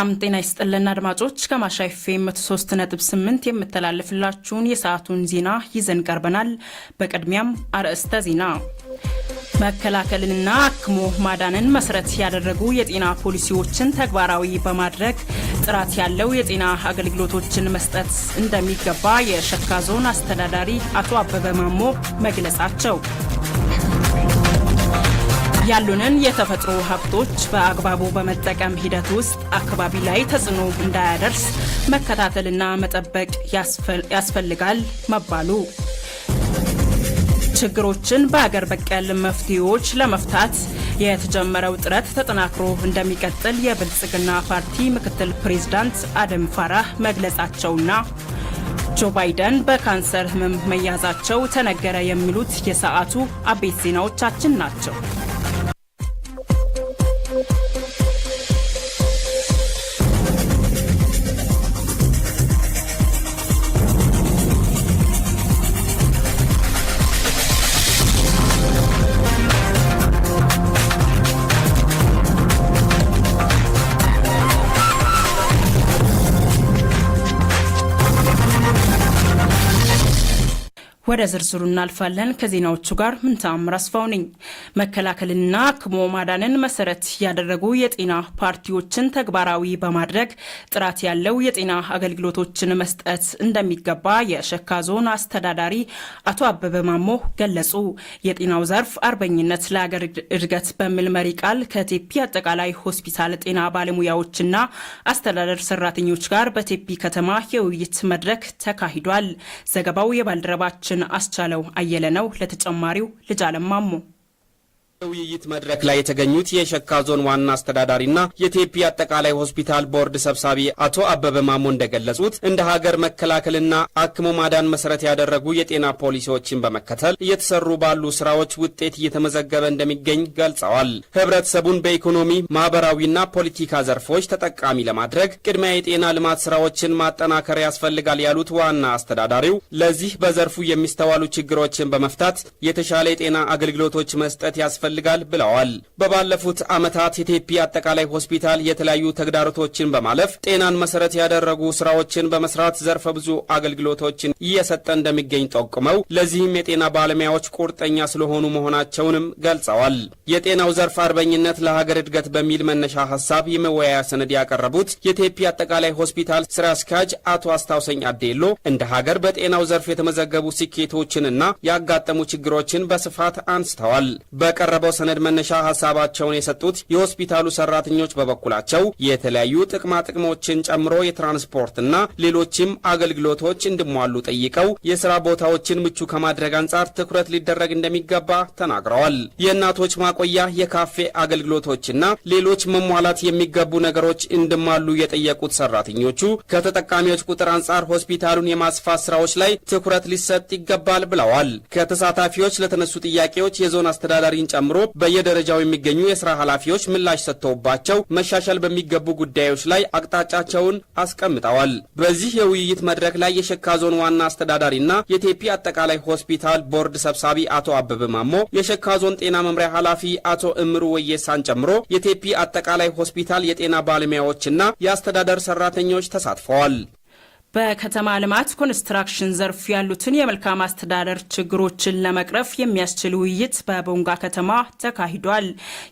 ሰላም ጤና ይስጥልን አድማጮች፣ ከማሻ ኤፍኤም 103.8 የምተላለፍላችሁን የሰዓቱን ዜና ይዘን ቀርበናል። በቅድሚያም አርዕስተ ዜና መከላከልንና አክሞ ማዳንን መሰረት ያደረጉ የጤና ፖሊሲዎችን ተግባራዊ በማድረግ ጥራት ያለው የጤና አገልግሎቶችን መስጠት እንደሚገባ የሸካ ዞን አስተዳዳሪ አቶ አበበ ማሞ መግለጻቸው ያሉንን የተፈጥሮ ሀብቶች በአግባቡ በመጠቀም ሂደት ውስጥ አካባቢ ላይ ተጽዕኖ እንዳያደርስ መከታተልና መጠበቅ ያስፈልጋል መባሉ ችግሮችን በሀገር በቀል መፍትሄዎች ለመፍታት የተጀመረው ጥረት ተጠናክሮ እንደሚቀጥል የብልጽግና ፓርቲ ምክትል ፕሬዝዳንት አደም ፋራህ መግለጻቸውና ጆ ባይደን በካንሰር ሕመም መያዛቸው ተነገረ የሚሉት የሰዓቱ አቤት ዜናዎቻችን ናቸው። ወደ ዝርዝሩ እናልፋለን። ከዜናዎቹ ጋር ምንተአምር አስፋው ነኝ። መከላከልና ክሞ ማዳንን መሰረት ያደረጉ የጤና ፓርቲዎችን ተግባራዊ በማድረግ ጥራት ያለው የጤና አገልግሎቶችን መስጠት እንደሚገባ የሸካ ዞን አስተዳዳሪ አቶ አበበ ማሞ ገለጹ። የጤናው ዘርፍ አርበኝነት ለሀገር እድገት በሚል መሪ ቃል ከቴፒ አጠቃላይ ሆስፒታል ጤና ባለሙያዎችና አስተዳደር ሰራተኞች ጋር በቴፒ ከተማ የውይይት መድረክ ተካሂዷል። ዘገባው የባልደረባችን አስቻለው አየለ ነው። ለተጨማሪው ልጅ አለማሙ በውይይት መድረክ ላይ የተገኙት የሸካ ዞን ዋና አስተዳዳሪና የቴፒ አጠቃላይ ሆስፒታል ቦርድ ሰብሳቢ አቶ አበበ ማሞ እንደገለጹት እንደ ሀገር መከላከልና አክሞ ማዳን መሰረት ያደረጉ የጤና ፖሊሲዎችን በመከተል እየተሰሩ ባሉ ስራዎች ውጤት እየተመዘገበ እንደሚገኝ ገልጸዋል። ህብረተሰቡን በኢኮኖሚ ማህበራዊና ፖለቲካ ዘርፎች ተጠቃሚ ለማድረግ ቅድሚያ የጤና ልማት ስራዎችን ማጠናከር ያስፈልጋል ያሉት ዋና አስተዳዳሪው ለዚህ በዘርፉ የሚስተዋሉ ችግሮችን በመፍታት የተሻለ የጤና አገልግሎቶች መስጠት ያስፈልጋል ያስፈልጋል ብለዋል። በባለፉት ዓመታት የቴፒ አጠቃላይ ሆስፒታል የተለያዩ ተግዳሮቶችን በማለፍ ጤናን መሰረት ያደረጉ ስራዎችን በመስራት ዘርፈ ብዙ አገልግሎቶችን እየሰጠ እንደሚገኝ ጠቁመው ለዚህም የጤና ባለሙያዎች ቁርጠኛ ስለሆኑ መሆናቸውንም ገልጸዋል። የጤናው ዘርፍ አርበኝነት ለሀገር እድገት በሚል መነሻ ሀሳብ የመወያያ ሰነድ ያቀረቡት የቴፒ አጠቃላይ ሆስፒታል ስራ አስኪያጅ አቶ አስታውሰኝ አዴሎ እንደ ሀገር በጤናው ዘርፍ የተመዘገቡ ስኬቶችንና ያጋጠሙ ችግሮችን በስፋት አንስተዋል። በቀረ በቀረበው ሰነድ መነሻ ሀሳባቸውን የሰጡት የሆስፒታሉ ሰራተኞች በበኩላቸው የተለያዩ ጥቅማ ጥቅሞችን ጨምሮ የትራንስፖርትና ሌሎችም አገልግሎቶች እንዲሟሉ ጠይቀው የስራ ቦታዎችን ምቹ ከማድረግ አንጻር ትኩረት ሊደረግ እንደሚገባ ተናግረዋል። የእናቶች ማቆያ፣ የካፌ አገልግሎቶችና ሌሎች መሟላት የሚገቡ ነገሮች እንዲሟሉ የጠየቁት ሰራተኞቹ ከተጠቃሚዎች ቁጥር አንጻር ሆስፒታሉን የማስፋት ስራዎች ላይ ትኩረት ሊሰጥ ይገባል ብለዋል። ከተሳታፊዎች ለተነሱ ጥያቄዎች የዞን አስተዳዳሪን ጨምሮ ጨምሮ በየደረጃው የሚገኙ የስራ ኃላፊዎች ምላሽ ሰጥተውባቸው መሻሻል በሚገቡ ጉዳዮች ላይ አቅጣጫቸውን አስቀምጠዋል። በዚህ የውይይት መድረክ ላይ የሸካ ዞን ዋና አስተዳዳሪና የቴፒ አጠቃላይ ሆስፒታል ቦርድ ሰብሳቢ አቶ አበበ ማሞ፣ የሸካ ዞን ጤና መምሪያ ኃላፊ አቶ እምሩ ወየሳን ጨምሮ የቴፒ አጠቃላይ ሆስፒታል የጤና ባለሙያዎችና የአስተዳደር ሰራተኞች ተሳትፈዋል። በከተማ ልማት ኮንስትራክሽን ዘርፍ ያሉትን የመልካም አስተዳደር ችግሮችን ለመቅረፍ የሚያስችል ውይይት በቦንጋ ከተማ ተካሂዷል።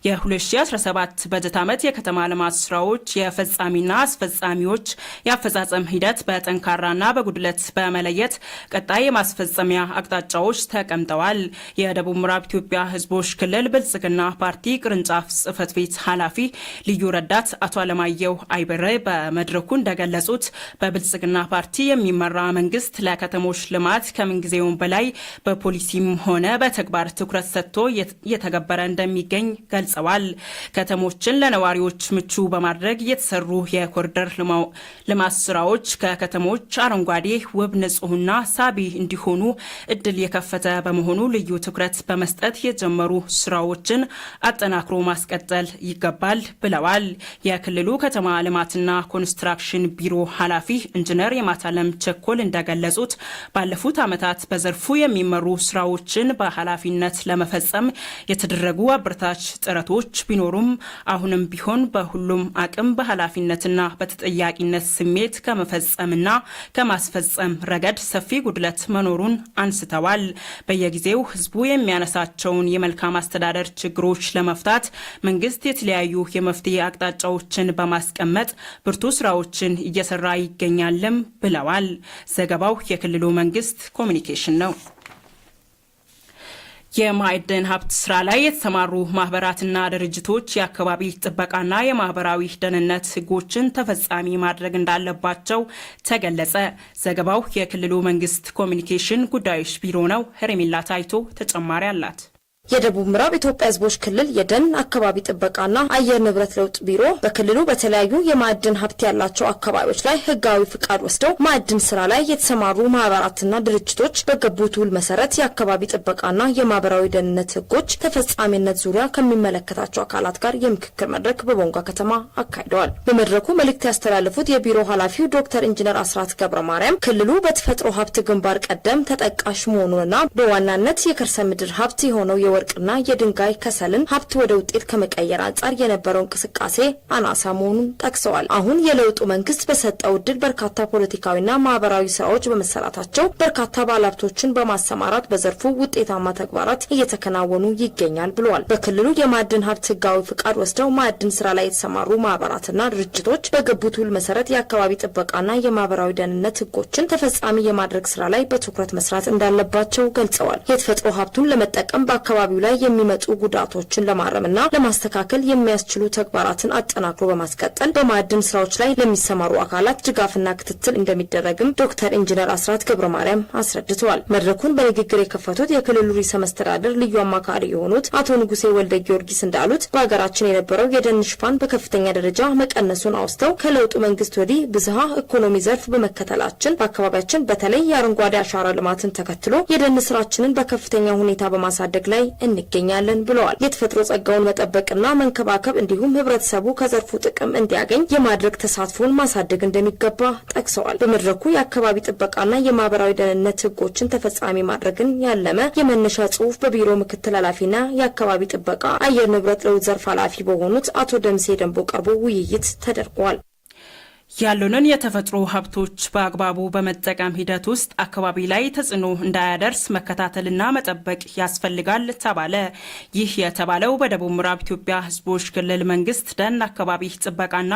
የ2017 በጀት ዓመት የከተማ ልማት ስራዎች የፈጻሚና አስፈጻሚዎች የአፈጻጸም ሂደት በጠንካራና በጉድለት በመለየት ቀጣይ የማስፈጸሚያ አቅጣጫዎች ተቀምጠዋል። የደቡብ ምዕራብ ኢትዮጵያ ህዝቦች ክልል ብልጽግና ፓርቲ ቅርንጫፍ ጽህፈት ቤት ኃላፊ ልዩ ረዳት አቶ አለማየሁ አይበረ በመድረኩ እንደገለጹት በብልጽግና ፓርቲ የሚመራ መንግስት ለከተሞች ልማት ከምንጊዜውም በላይ በፖሊሲም ሆነ በተግባር ትኩረት ሰጥቶ እየተገበረ እንደሚገኝ ገልጸዋል። ከተሞችን ለነዋሪዎች ምቹ በማድረግ የተሰሩ የኮሪደር ልማት ስራዎች ከከተሞች አረንጓዴ፣ ውብ፣ ንጹህና ሳቢ እንዲሆኑ እድል የከፈተ በመሆኑ ልዩ ትኩረት በመስጠት የጀመሩ ስራዎችን አጠናክሮ ማስቀጠል ይገባል ብለዋል። የክልሉ ከተማ ልማትና ኮንስትራክሽን ቢሮ ኃላፊ ኢንጂነር የማታለም ቸኮል እንደገለጹት ባለፉት ዓመታት በዘርፉ የሚመሩ ስራዎችን በኃላፊነት ለመፈጸም የተደረጉ አበረታች ጥረቶች ቢኖሩም አሁንም ቢሆን በሁሉም አቅም በኃላፊነትና በተጠያቂነት ስሜት ከመፈጸምና ከማስፈጸም ረገድ ሰፊ ጉድለት መኖሩን አንስተዋል። በየጊዜው ህዝቡ የሚያነሳቸውን የመልካም አስተዳደር ችግሮች ለመፍታት መንግስት የተለያዩ የመፍትሄ አቅጣጫዎችን በማስቀመጥ ብርቱ ስራዎችን እየሰራ ይገኛልም ብለዋል። ዘገባው የክልሉ መንግስት ኮሚኒኬሽን ነው። የማዕድን ሀብት ስራ ላይ የተሰማሩ ማህበራትና ድርጅቶች የአካባቢ ጥበቃና የማህበራዊ ደህንነት ህጎችን ተፈጻሚ ማድረግ እንዳለባቸው ተገለጸ። ዘገባው የክልሉ መንግስት ኮሚኒኬሽን ጉዳዮች ቢሮ ነው። ሄርሜላ ታይቶ ተጨማሪ አላት። የደቡብ ምዕራብ ኢትዮጵያ ሕዝቦች ክልል የደን አካባቢ ጥበቃና አየር ንብረት ለውጥ ቢሮ በክልሉ በተለያዩ የማዕድን ሀብት ያላቸው አካባቢዎች ላይ ሕጋዊ ፍቃድ ወስደው ማዕድን ስራ ላይ የተሰማሩ ማህበራትና ድርጅቶች በገቡት ውል መሰረት የአካባቢ ጥበቃና የማህበራዊ ደህንነት ሕጎች ተፈጻሚነት ዙሪያ ከሚመለከታቸው አካላት ጋር የምክክር መድረክ በቦንጋ ከተማ አካሂደዋል። በመድረኩ መልእክት ያስተላለፉት የቢሮ ኃላፊው ዶክተር ኢንጂነር አስራት ገብረ ማርያም ክልሉ በተፈጥሮ ሀብት ግንባር ቀደም ተጠቃሽ መሆኑንና በዋናነት የከርሰ ምድር ሀብት የሆነው የወርቅና የድንጋይ ከሰልን ሀብት ወደ ውጤት ከመቀየር አንጻር የነበረው እንቅስቃሴ አናሳ መሆኑን ጠቅሰዋል። አሁን የለውጡ መንግስት በሰጠው እድል በርካታ ፖለቲካዊና ማህበራዊ ስራዎች በመሰራታቸው በርካታ ባለሀብቶችን በማሰማራት በዘርፉ ውጤታማ ተግባራት እየተከናወኑ ይገኛል ብለዋል። በክልሉ የማዕድን ሀብት ህጋዊ ፍቃድ ወስደው ማዕድን ስራ ላይ የተሰማሩ ማህበራትና ድርጅቶች በገቡት ውል መሰረት የአካባቢ ጥበቃና የማህበራዊ ደህንነት ህጎችን ተፈጻሚ የማድረግ ስራ ላይ በትኩረት መስራት እንዳለባቸው ገልጸዋል። የተፈጥሮ ሀብቱን ለመጠቀም በአካባቢ በአካባቢው ላይ የሚመጡ ጉዳቶችን ለማረምና ለማስተካከል የሚያስችሉ ተግባራትን አጠናክሮ በማስቀጠል በማዕድን ስራዎች ላይ ለሚሰማሩ አካላት ድጋፍና ክትትል እንደሚደረግም ዶክተር ኢንጂነር አስራት ገብረ ማርያም አስረድተዋል። መድረኩን በንግግር የከፈቱት የክልሉ ርዕሰ መስተዳደር ልዩ አማካሪ የሆኑት አቶ ንጉሴ ወልደ ጊዮርጊስ እንዳሉት በሀገራችን የነበረው የደን ሽፋን በከፍተኛ ደረጃ መቀነሱን አውስተው ከለውጡ መንግስት ወዲህ ብዝሃ ኢኮኖሚ ዘርፍ በመከተላችን በአካባቢያችን በተለይ የአረንጓዴ አሻራ ልማትን ተከትሎ የደን ስራችንን በከፍተኛ ሁኔታ በማሳደግ ላይ እንገኛለን ብለዋል። የተፈጥሮ ጸጋውን መጠበቅና መንከባከብ እንዲሁም ህብረተሰቡ ከዘርፉ ጥቅም እንዲያገኝ የማድረግ ተሳትፎን ማሳደግ እንደሚገባ ጠቅሰዋል። በመድረኩ የአካባቢ ጥበቃና የማህበራዊ ደህንነት ህጎችን ተፈጻሚ ማድረግን ያለመ የመነሻ ጽሁፍ በቢሮ ምክትል ኃላፊና የአካባቢ ጥበቃ አየር ንብረት ለውጥ ዘርፍ ኃላፊ በሆኑት አቶ ደምሴ ደንቦ ቀርቦ ውይይት ተደርጓል። ያሉንን የተፈጥሮ ሀብቶች በአግባቡ በመጠቀም ሂደት ውስጥ አካባቢ ላይ ተጽዕኖ እንዳያደርስ መከታተልና መጠበቅ ያስፈልጋል ተባለ። ይህ የተባለው በደቡብ ምዕራብ ኢትዮጵያ ሕዝቦች ክልል መንግስት ደን አካባቢ ጥበቃና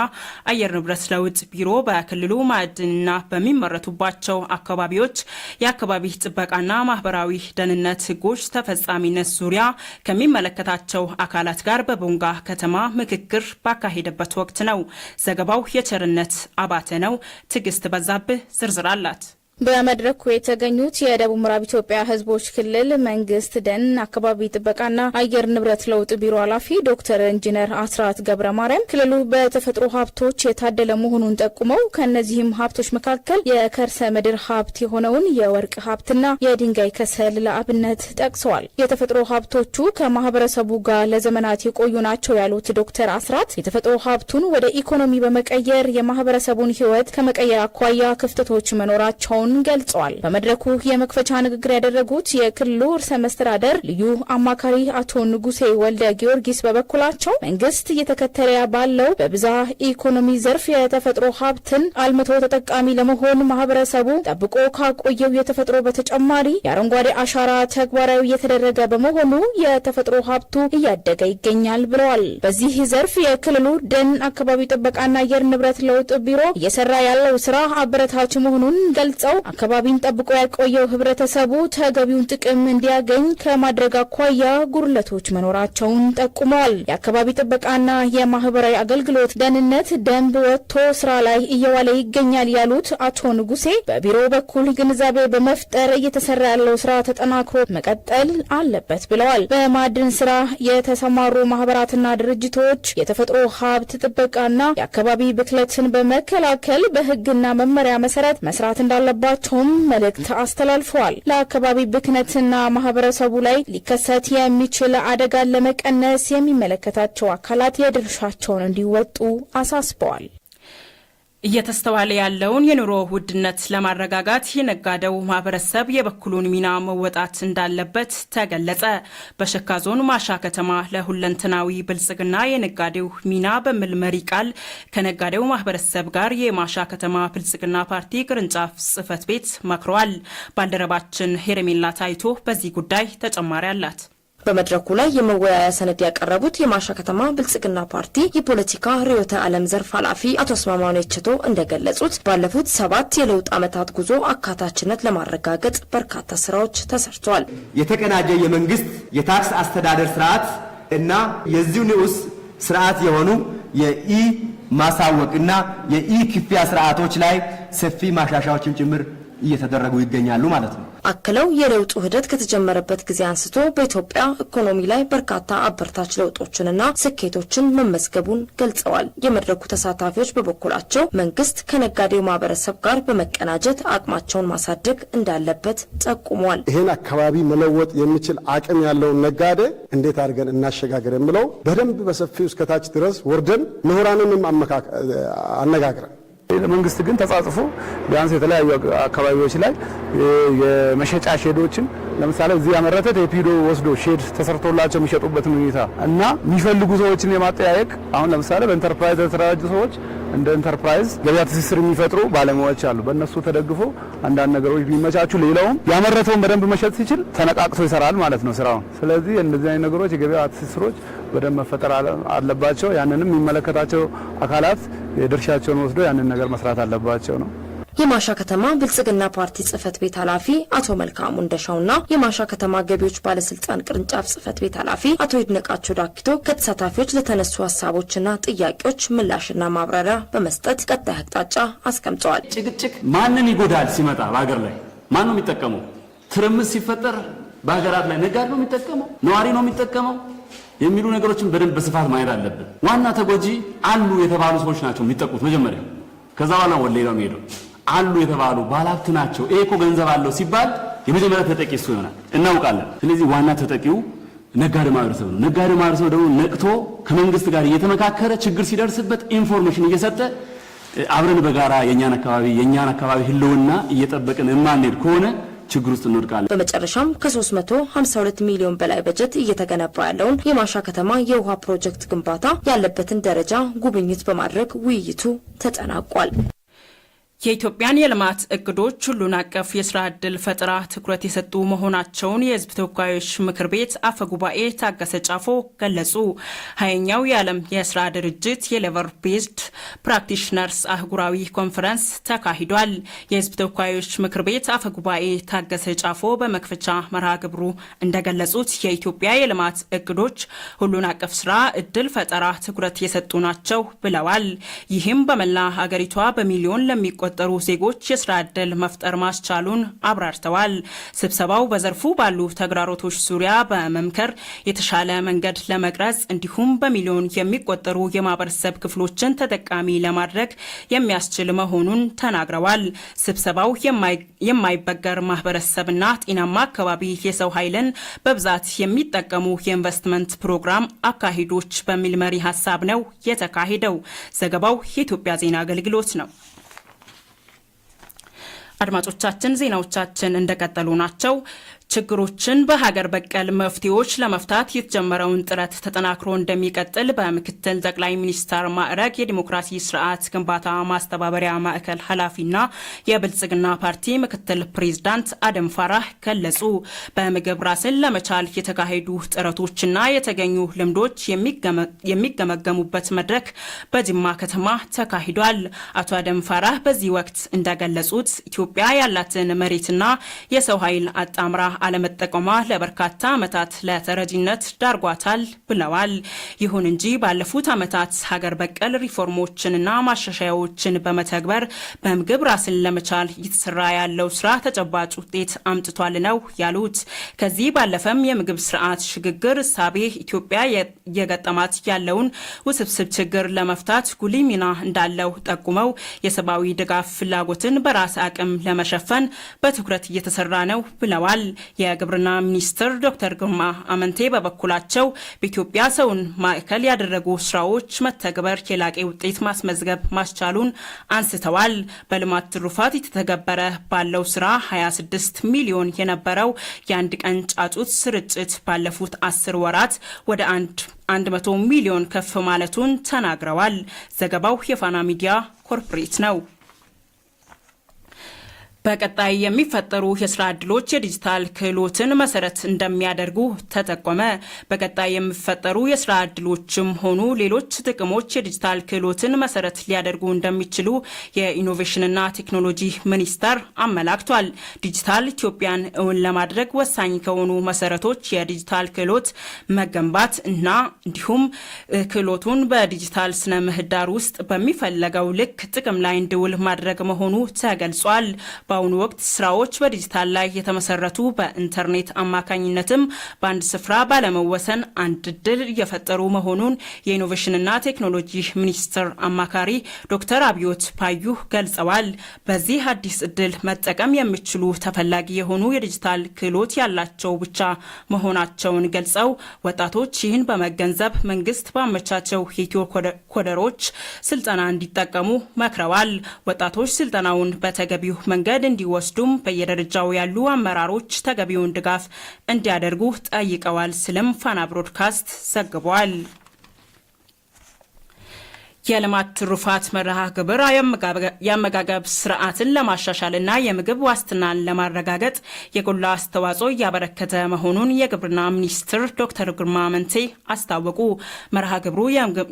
አየር ንብረት ለውጥ ቢሮ በክልሉ ማዕድንና በሚመረቱባቸው አካባቢዎች የአካባቢ ጥበቃና ማህበራዊ ደህንነት ሕጎች ተፈጻሚነት ዙሪያ ከሚመለከታቸው አካላት ጋር በቦንጋ ከተማ ምክክር ባካሄደበት ወቅት ነው። ዘገባው የቸርነት አባተ ነው። ትዕግስት በዛብህ ዝርዝር አላት። በመድረኩ የተገኙት የደቡብ ምዕራብ ኢትዮጵያ ሕዝቦች ክልል መንግስት ደን አካባቢ ጥበቃና አየር ንብረት ለውጥ ቢሮ ኃላፊ ዶክተር ኢንጂነር አስራት ገብረ ማርያም ክልሉ በተፈጥሮ ሀብቶች የታደለ መሆኑን ጠቁመው ከእነዚህም ሀብቶች መካከል የከርሰ ምድር ሀብት የሆነውን የወርቅ ሀብትና የድንጋይ ከሰል ለአብነት ጠቅሰዋል። የተፈጥሮ ሀብቶቹ ከማህበረሰቡ ጋር ለዘመናት የቆዩ ናቸው ያሉት ዶክተር አስራት የተፈጥሮ ሀብቱን ወደ ኢኮኖሚ በመቀየር የማህበረሰቡን ሕይወት ከመቀየር አኳያ ክፍተቶች መኖራቸውን መሆኑን ገልጸዋል። በመድረኩ የመክፈቻ ንግግር ያደረጉት የክልሉ ርዕሰ መስተዳደር ልዩ አማካሪ አቶ ንጉሴ ወልደ ጊዮርጊስ በበኩላቸው መንግስት እየተከተለ ባለው በብዛ ኢኮኖሚ ዘርፍ የተፈጥሮ ሀብትን አልምቶ ተጠቃሚ ለመሆን ማህበረሰቡ ጠብቆ ካቆየው የተፈጥሮ በተጨማሪ የአረንጓዴ አሻራ ተግባራዊ እየተደረገ በመሆኑ የተፈጥሮ ሀብቱ እያደገ ይገኛል ብለዋል። በዚህ ዘርፍ የክልሉ ደን፣ አካባቢ ጥበቃና አየር ንብረት ለውጥ ቢሮ እየሰራ ያለው ስራ አበረታች መሆኑን ገልጸው አካባቢን ጠብቆ ያቆየው ህብረተሰቡ ተገቢውን ጥቅም እንዲያገኝ ከማድረግ አኳያ ጉድለቶች መኖራቸውን ጠቁመዋል። የአካባቢ ጥበቃና የማህበራዊ አገልግሎት ደህንነት ደንብ ወጥቶ ስራ ላይ እየዋለ ይገኛል ያሉት አቶ ንጉሴ በቢሮ በኩል ግንዛቤ በመፍጠር እየተሰራ ያለው ስራ ተጠናክሮ መቀጠል አለበት ብለዋል። በማዕድን ስራ የተሰማሩ ማህበራትና ድርጅቶች የተፈጥሮ ሀብት ጥበቃና የአካባቢ ብክለትን በመከላከል በህግና መመሪያ መሰረት መስራት እንዳለበት እንዳለባቸውም መልእክት አስተላልፈዋል። ለአካባቢ ብክነትና ማህበረሰቡ ላይ ሊከሰት የሚችል አደጋን ለመቀነስ የሚመለከታቸው አካላት የድርሻቸውን እንዲወጡ አሳስበዋል። እየተስተዋለ ያለውን የኑሮ ውድነት ለማረጋጋት የነጋዴው ማህበረሰብ የበኩሉን ሚና መወጣት እንዳለበት ተገለጸ። በሸካ ዞን ማሻ ከተማ ለሁለንተናዊ ብልጽግና የነጋዴው ሚና በሚል መሪ ቃል ከነጋዴው ማህበረሰብ ጋር የማሻ ከተማ ብልጽግና ፓርቲ ቅርንጫፍ ጽህፈት ቤት መክረዋል። ባልደረባችን ሄረሜላ ታይቶ በዚህ ጉዳይ ተጨማሪ አላት። በመድረኩ ላይ የመወያያ ሰነድ ያቀረቡት የማሻ ከተማ ብልጽግና ፓርቲ የፖለቲካ ርዕዮተ ዓለም ዘርፍ ኃላፊ አቶ አስማማው ኔቸቶ እንደገለጹት ባለፉት ሰባት የለውጥ ዓመታት ጉዞ አካታችነት ለማረጋገጥ በርካታ ስራዎች ተሰርተዋል። የተቀናጀ የመንግስት የታክስ አስተዳደር ስርዓት እና የዚሁ ንዑስ ስርዓት የሆኑ የኢ ማሳወቅ እና የኢ ክፍያ ስርዓቶች ላይ ሰፊ ማሻሻዎችን ጭምር እየተደረጉ ይገኛሉ ማለት ነው። አክለው የለውጡ ሂደት ከተጀመረበት ጊዜ አንስቶ በኢትዮጵያ ኢኮኖሚ ላይ በርካታ አበርታች ለውጦችንና ስኬቶችን መመዝገቡን ገልጸዋል። የመድረኩ ተሳታፊዎች በበኩላቸው መንግስት ከነጋዴው ማህበረሰብ ጋር በመቀናጀት አቅማቸውን ማሳደግ እንዳለበት ጠቁሟል። ይህን አካባቢ መለወጥ የሚችል አቅም ያለውን ነጋዴ እንዴት አድርገን እናሸጋገር የምለው በደንብ በሰፊው እስከታች ድረስ ወርደን ምሁራንንም አነጋግረን መንግስት ግን ተጻጽፎ ቢያንስ የተለያዩ አካባቢዎች ላይ የመሸጫ ሼዶችን ለምሳሌ እዚህ ያመረተ ቴፒዶ ወስዶ ሼድ ተሰርቶላቸው የሚሸጡበትን ሁኔታ እና የሚፈልጉ ሰዎችን የማጠያየቅ አሁን ለምሳሌ በኢንተርፕራይዝ የተደራጁ ሰዎች እንደ ኢንተርፕራይዝ ገበያ ትስስር የሚፈጥሩ ባለሙያዎች አሉ። በእነሱ ተደግፎ አንዳንድ ነገሮች ቢመቻቹ፣ ሌላውም ያመረተውን በደንብ መሸጥ ሲችል ተነቃቅቶ ይሰራል ማለት ነው ስራውን። ስለዚህ እነዚህ አይነት ነገሮች የገበያ ትስስሮች በደንብ መፈጠር አለባቸው። ያንንም የሚመለከታቸው አካላት የድርሻቸውን ወስዶ ያንን ነገር መስራት አለባቸው ነው። የማሻ ከተማ ብልጽግና ፓርቲ ጽህፈት ቤት ኃላፊ አቶ መልካሙ እንደሻውና የማሻ ከተማ ገቢዎች ባለስልጣን ቅርንጫፍ ጽህፈት ቤት ኃላፊ አቶ ይድነቃቸው ዳኪቶ ከተሳታፊዎች ለተነሱ ሀሳቦችና ጥያቄዎች ምላሽና ማብራሪያ በመስጠት ቀጣይ አቅጣጫ አስቀምጠዋል። ጭቅጭቅ ማንን ይጎዳል? ሲመጣ በሀገር ላይ ማን ነው የሚጠቀመው? ትርምስ ሲፈጠር በሀገራት ላይ ነጋዴ ነው የሚጠቀመው? ነዋሪ ነው የሚጠቀመው? የሚሉ ነገሮችን በደንብ በስፋት ማየት አለብን። ዋና ተጎጂ አሉ የተባሉ ሰዎች ናቸው የሚጠቁት መጀመሪያ። ከዛ በኋላ ወደ ሌላው ሄደው አሉ የተባሉ ባለሀብት ናቸው። ይሄ እኮ ገንዘብ አለው ሲባል የመጀመሪያ ተጠቂ እሱ ይሆናል፣ እናውቃለን። ስለዚህ ዋና ተጠቂው ነጋዴ ማህበረሰብ ነው። ነጋዴ ማህበረሰብ ደግሞ ነቅቶ ከመንግስት ጋር እየተመካከረ ችግር ሲደርስበት ኢንፎርሜሽን እየሰጠ አብረን በጋራ የእኛን አካባቢ የእኛን አካባቢ ህልውና እየጠበቅን የማንሄድ ከሆነ ችግር ውስጥ እንወድቃለን። በመጨረሻም ከ352 ሚሊዮን በላይ በጀት እየተገነባ ያለውን የማሻ ከተማ የውሃ ፕሮጀክት ግንባታ ያለበትን ደረጃ ጉብኝት በማድረግ ውይይቱ ተጠናቋል። የኢትዮጵያን የልማት እቅዶች ሁሉን አቀፍ የስራ ዕድል ፈጠራ ትኩረት የሰጡ መሆናቸውን የህዝብ ተወካዮች ምክር ቤት አፈ ጉባኤ ታገሰ ጫፎ ገለጹ። ሀያኛው የዓለም የስራ ድርጅት የሌበር ቤዝድ ፕራክቲሽነርስ አህጉራዊ ኮንፈረንስ ተካሂዷል። የህዝብ ተወካዮች ምክር ቤት አፈ ጉባኤ ታገሰ ጫፎ በመክፈቻ መርሃ ግብሩ እንደገለጹት የኢትዮጵያ የልማት እቅዶች ሁሉን አቀፍ ስራ ዕድል ፈጠራ ትኩረት የሰጡ ናቸው ብለዋል። ይህም በመላ አገሪቷ በሚሊዮን ለሚቆ ለተፈጠሩ ዜጎች የስራ ዕድል መፍጠር ማስቻሉን አብራርተዋል። ስብሰባው በዘርፉ ባሉ ተግዳሮቶች ዙሪያ በመምከር የተሻለ መንገድ ለመቅረጽ እንዲሁም በሚሊዮን የሚቆጠሩ የማህበረሰብ ክፍሎችን ተጠቃሚ ለማድረግ የሚያስችል መሆኑን ተናግረዋል። ስብሰባው የማይበገር ማህበረሰብና ጤናማ አካባቢ የሰው ኃይልን በብዛት የሚጠቀሙ የኢንቨስትመንት ፕሮግራም አካሄዶች በሚል መሪ ሀሳብ ነው የተካሄደው። ዘገባው የኢትዮጵያ ዜና አገልግሎት ነው። አድማጮቻችን ዜናዎቻችን እንደቀጠሉ ናቸው። ችግሮችን በሀገር በቀል መፍትሄዎች ለመፍታት የተጀመረውን ጥረት ተጠናክሮ እንደሚቀጥል በምክትል ጠቅላይ ሚኒስትር ማዕረግ የዲሞክራሲ ስርዓት ግንባታ ማስተባበሪያ ማዕከል ኃላፊና የብልጽግና ፓርቲ ምክትል ፕሬዝዳንት አደም ፋራህ ገለጹ። በምግብ ራስን ለመቻል የተካሄዱ ጥረቶችና የተገኙ ልምዶች የሚገመገሙበት መድረክ በጅማ ከተማ ተካሂዷል። አቶ አደም ፋራህ በዚህ ወቅት እንደገለጹት ኢትዮጵያ ያላትን መሬትና የሰው ኃይል አጣምራ አለመጠቀሟ ለበርካታ ዓመታት ለተረጂነት ዳርጓታል ብለዋል። ይሁን እንጂ ባለፉት ዓመታት ሀገር በቀል ሪፎርሞችንና ማሻሻያዎችን በመተግበር በምግብ ራስን ለመቻል እየተሰራ ያለው ስራ ተጨባጭ ውጤት አምጥቷል ነው ያሉት። ከዚህ ባለፈም የምግብ ስርዓት ሽግግር እሳቤ ኢትዮጵያ እየገጠማት ያለውን ውስብስብ ችግር ለመፍታት ጉልህ ሚና እንዳለው ጠቁመው የሰብአዊ ድጋፍ ፍላጎትን በራስ አቅም ለመሸፈን በትኩረት እየተሰራ ነው ብለዋል። የግብርና ሚኒስትር ዶክተር ግርማ አመንቴ በበኩላቸው በኢትዮጵያ ሰውን ማዕከል ያደረጉ ስራዎች መተግበር የላቀ ውጤት ማስመዝገብ ማስቻሉን አንስተዋል። በልማት ትሩፋት የተተገበረ ባለው ስራ 26 ሚሊዮን የነበረው የአንድ ቀን ጫጩት ስርጭት ባለፉት አስር ወራት ወደ አንድ 100 ሚሊዮን ከፍ ማለቱን ተናግረዋል። ዘገባው የፋና ሚዲያ ኮርፖሬት ነው። በቀጣይ የሚፈጠሩ የስራ ዕድሎች የዲጂታል ክህሎትን መሰረት እንደሚያደርጉ ተጠቆመ። በቀጣይ የሚፈጠሩ የስራ ዕድሎችም ሆኑ ሌሎች ጥቅሞች የዲጂታል ክህሎትን መሰረት ሊያደርጉ እንደሚችሉ የኢኖቬሽንና ቴክኖሎጂ ሚኒስቴር አመላክቷል። ዲጂታል ኢትዮጵያን እውን ለማድረግ ወሳኝ ከሆኑ መሰረቶች የዲጂታል ክህሎት መገንባት እና እንዲሁም ክህሎቱን በዲጂታል ስነ ምህዳር ውስጥ በሚፈለገው ልክ ጥቅም ላይ እንዲውል ማድረግ መሆኑ ተገልጿል። በአሁኑ ወቅት ስራዎች በዲጂታል ላይ የተመሰረቱ በኢንተርኔት አማካኝነትም በአንድ ስፍራ ባለመወሰን አንድ እድል እየፈጠሩ መሆኑን የኢኖቬሽንና ቴክኖሎጂ ሚኒስትር አማካሪ ዶክተር አብዮት ፓዩ ገልጸዋል። በዚህ አዲስ እድል መጠቀም የሚችሉ ተፈላጊ የሆኑ የዲጂታል ክህሎት ያላቸው ብቻ መሆናቸውን ገልጸው ወጣቶች ይህን በመገንዘብ መንግስት ባመቻቸው የኢትዮ ኮደሮች ስልጠና እንዲጠቀሙ መክረዋል። ወጣቶች ስልጠናውን በተገቢው መንገድ መንገድ እንዲወስዱም በየደረጃው ያሉ አመራሮች ተገቢውን ድጋፍ እንዲያደርጉ ጠይቀዋል ሲልም ፋና ብሮድካስት ዘግቧል። የልማት ትሩፋት መርሃ ግብር የአመጋገብ ስርዓትን ለማሻሻልና የምግብ ዋስትናን ለማረጋገጥ የጎላ አስተዋጽኦ እያበረከተ መሆኑን የግብርና ሚኒስትር ዶክተር ግርማ መንቴ አስታወቁ። መርሃ ግብሩ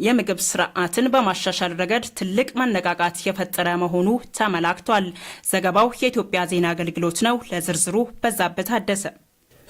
የምግብ ስርዓትን በማሻሻል ረገድ ትልቅ መነቃቃት የፈጠረ መሆኑ ተመላክቷል። ዘገባው የኢትዮጵያ ዜና አገልግሎት ነው። ለዝርዝሩ በዛብህ ታደሰ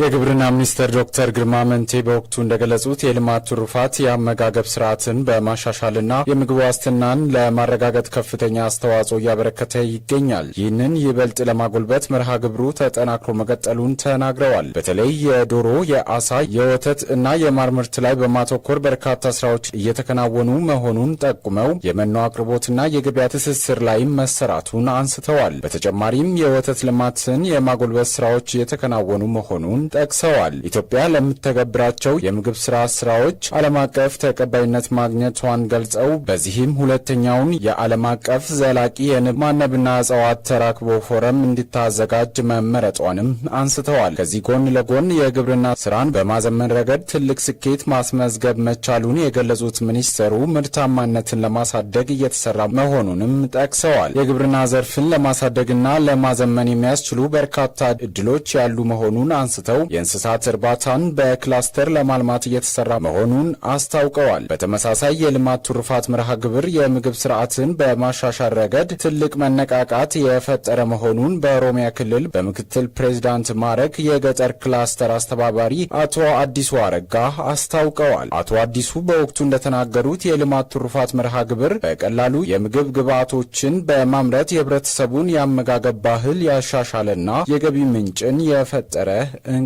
የግብርና ሚኒስትር ዶክተር ግርማ መንቴ በወቅቱ እንደገለጹት የልማት ትሩፋት የአመጋገብ ስርዓትን በማሻሻልና የምግብ ዋስትናን ለማረጋገጥ ከፍተኛ አስተዋጽኦ እያበረከተ ይገኛል። ይህንን ይበልጥ ለማጎልበት መርሃ ግብሩ ተጠናክሮ መቀጠሉን ተናግረዋል። በተለይ የዶሮ፣ የአሳ፣ የወተት እና የማር ምርት ላይ በማተኮር በርካታ ስራዎች እየተከናወኑ መሆኑን ጠቁመው የመኖ አቅርቦትና የገበያ ትስስር ላይም መሰራቱን አንስተዋል። በተጨማሪም የወተት ልማትን የማጎልበት ስራዎች እየተከናወኑ መሆኑን ጠቅሰዋል። ኢትዮጵያ ለምተገብራቸው የምግብ ስራ ስራዎች ዓለም አቀፍ ተቀባይነት ማግኘቷን ገልጸው በዚህም ሁለተኛውን የዓለም አቀፍ ዘላቂ የንብ ማነብና እጽዋት ተራክቦ ፎረም እንዲታዘጋጅ መመረጧንም አንስተዋል። ከዚህ ጎን ለጎን የግብርና ስራን በማዘመን ረገድ ትልቅ ስኬት ማስመዝገብ መቻሉን የገለጹት ሚኒስትሩ ምርታማነትን ለማሳደግ እየተሰራ መሆኑንም ጠቅሰዋል። የግብርና ዘርፍን ለማሳደግና ለማዘመን የሚያስችሉ በርካታ እድሎች ያሉ መሆኑን አንስተው ተጠቅሰው የእንስሳት እርባታን በክላስተር ለማልማት እየተሰራ መሆኑን አስታውቀዋል። በተመሳሳይ የልማት ቱርፋት መርሃ ግብር የምግብ ስርዓትን በማሻሻል ረገድ ትልቅ መነቃቃት የፈጠረ መሆኑን በኦሮሚያ ክልል በምክትል ፕሬዚዳንት ማዕረግ የገጠር ክላስተር አስተባባሪ አቶ አዲሱ አረጋ አስታውቀዋል። አቶ አዲሱ በወቅቱ እንደተናገሩት የልማት ቱርፋት መርሃ ግብር በቀላሉ የምግብ ግብዓቶችን በማምረት የህብረተሰቡን የአመጋገብ ባህል ያሻሻለና የገቢ ምንጭን የፈጠረ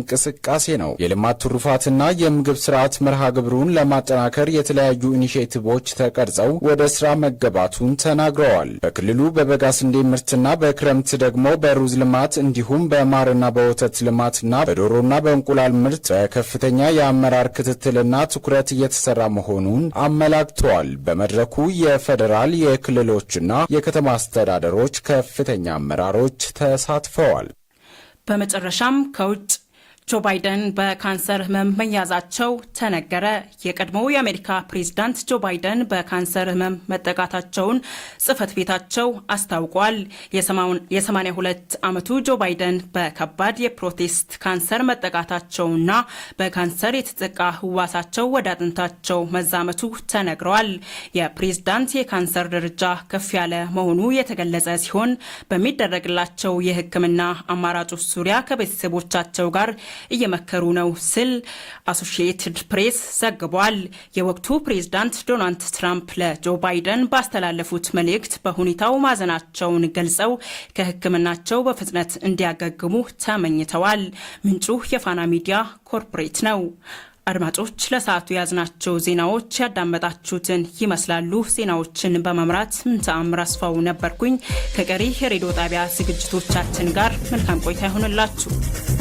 እንቅስቃሴ ነው። የልማት ትሩፋትና የምግብ ስርዓት መርሃ ግብሩን ለማጠናከር የተለያዩ ኢኒሽቲቮች ተቀርጸው ወደ ስራ መገባቱን ተናግረዋል። በክልሉ በበጋ ስንዴ ምርትና በክረምት ደግሞ በሩዝ ልማት እንዲሁም በማርና በወተት ልማትና በዶሮና በእንቁላል ምርት በከፍተኛ የአመራር ክትትልና ትኩረት እየተሰራ መሆኑን አመላክተዋል። በመድረኩ የፌዴራል የክልሎችና የከተማ አስተዳደሮች ከፍተኛ አመራሮች ተሳትፈዋል። በመጨረሻም ከውጭ ጆ ባይደን በካንሰር ህመም መያዛቸው ተነገረ። የቀድሞው የአሜሪካ ፕሬዝዳንት ጆ ባይደን በካንሰር ህመም መጠቃታቸውን ጽህፈት ቤታቸው አስታውቋል። የ82 ዓመቱ ጆ ባይደን በከባድ የፕሮቴስት ካንሰር መጠቃታቸውና በካንሰር የተጠቃ ህዋሳቸው ወደ አጥንታቸው መዛመቱ ተነግረዋል። የፕሬዝዳንት የካንሰር ደረጃ ከፍ ያለ መሆኑ የተገለጸ ሲሆን በሚደረግላቸው የህክምና አማራጮች ዙሪያ ከቤተሰቦቻቸው ጋር እየመከሩ ነው ስል አሶሺየትድ ፕሬስ ዘግቧል። የወቅቱ ፕሬዝዳንት ዶናልድ ትራምፕ ለጆ ባይደን ባስተላለፉት መልእክት በሁኔታው ማዘናቸውን ገልጸው ከሕክምናቸው በፍጥነት እንዲያገግሙ ተመኝተዋል። ምንጩ የፋና ሚዲያ ኮርፖሬት ነው። አድማጮች ለሰዓቱ የያዝናቸው ዜናዎች ያዳመጣችሁትን ይመስላሉ። ዜናዎችን በመምራት ምንተአምር አስፋው ነበርኩኝ። ከቀሪ የሬዲዮ ጣቢያ ዝግጅቶቻችን ጋር መልካም ቆይታ ይሆንላችሁ።